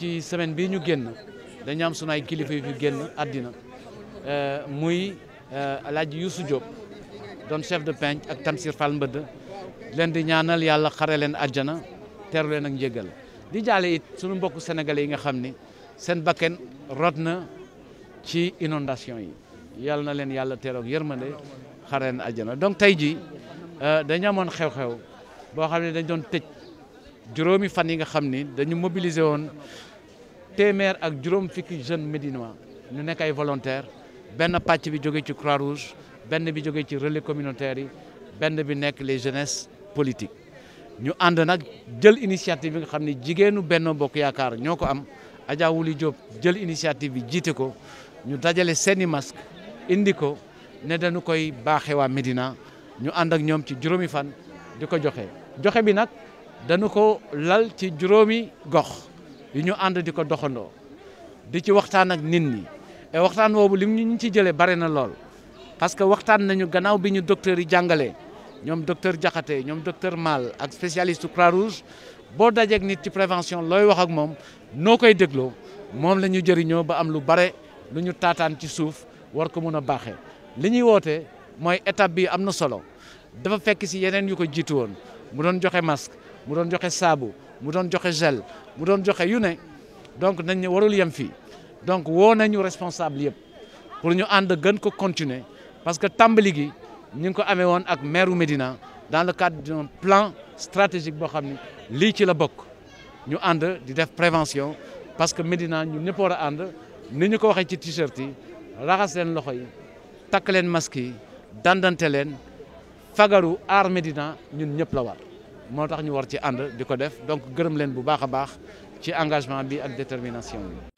ci semaine bii ñu génn dañu am sunu ay kilifa yu fi génn àddina euh, muy euh, alaaji Youssou Diop doon chef de penc ak Tamsir Fall Mbëdd leen di ñaanal yàlla xare leen ajjana teeru leen ak njëgal di jaale it sunu mbokku senegal yi nga xam ni seen bakken rot na ci inondation yi yàlla na leen yàlla teeroog yërmande xare leen àjjana donc tey ji euh, dañu amoon xew-xew boo xam ne dañ doon tëj juróomi fan yi nga xam ni dañu mobiliser woon téeméer ak juróom fukki jeunes médinois ñu nekk ay volontaire benn pàcc bi jóge ci croix rouge benn bi jóge ci relais communautaire yi benn bi nekk les jeunesses politique ñu ànd nag jël initiative bi nga xam ne jigéenu Benno Bokk Yaakaar ñoo ko am Adja Wuli Diop jël initiative bi jiite ko ñu dajale seeni masque indi ko ne dañu koy baaxewaa waa Médina ñu ànd ak ñoom ci juróomi fan di ko joxe joxe bi nag dañu ko lal ci juróomi gox yu ñu ànd di ko doxandoo di ci waxtaan ak nit ñi et waxtaan li lim ñu ci jëlee bare na lool parce que waxtaan nañu gannaaw bi ñu docteur yi jàngalee ñoom docteur Diakhaté ñoom docteur Mal ak spécialiste Croix-Rouge boo dajeek nit ci prévention looy wax ak moom noo koy dégloo moom la ñu jëriñoo ba am lu bare lu ñu taataan ci suuf war ko mun a baaxee li ñuy woote mooy étape bi am na solo dafa fekk si yeneen yu ko jiitu woon mu doon joxe masque mu doon joxe saabu. mu doon joxe gel mu doon joxe yu ne donc nañ warul yem fii donc woo nañu responsable yëpp pour ñu ànd gën ko continuer parce que tàmbali gi ñu ngi ko amee woon ak maire Médina dans le cadre d'un plan stratégique boo xam ne lii ci la bokk ñu ànd di def prévention parce que Médina ñun ñëpp war a ànd ni ñu ko waxee ci t-shirt yi raxas leen loxo yi takk leen masque yi dandante leen fagaru aar Médina ñun ñëpp la war moo tax ñu war ci ànd di ko def donc gërëm leen bu baax a baax ci engagement bi ak détermination bi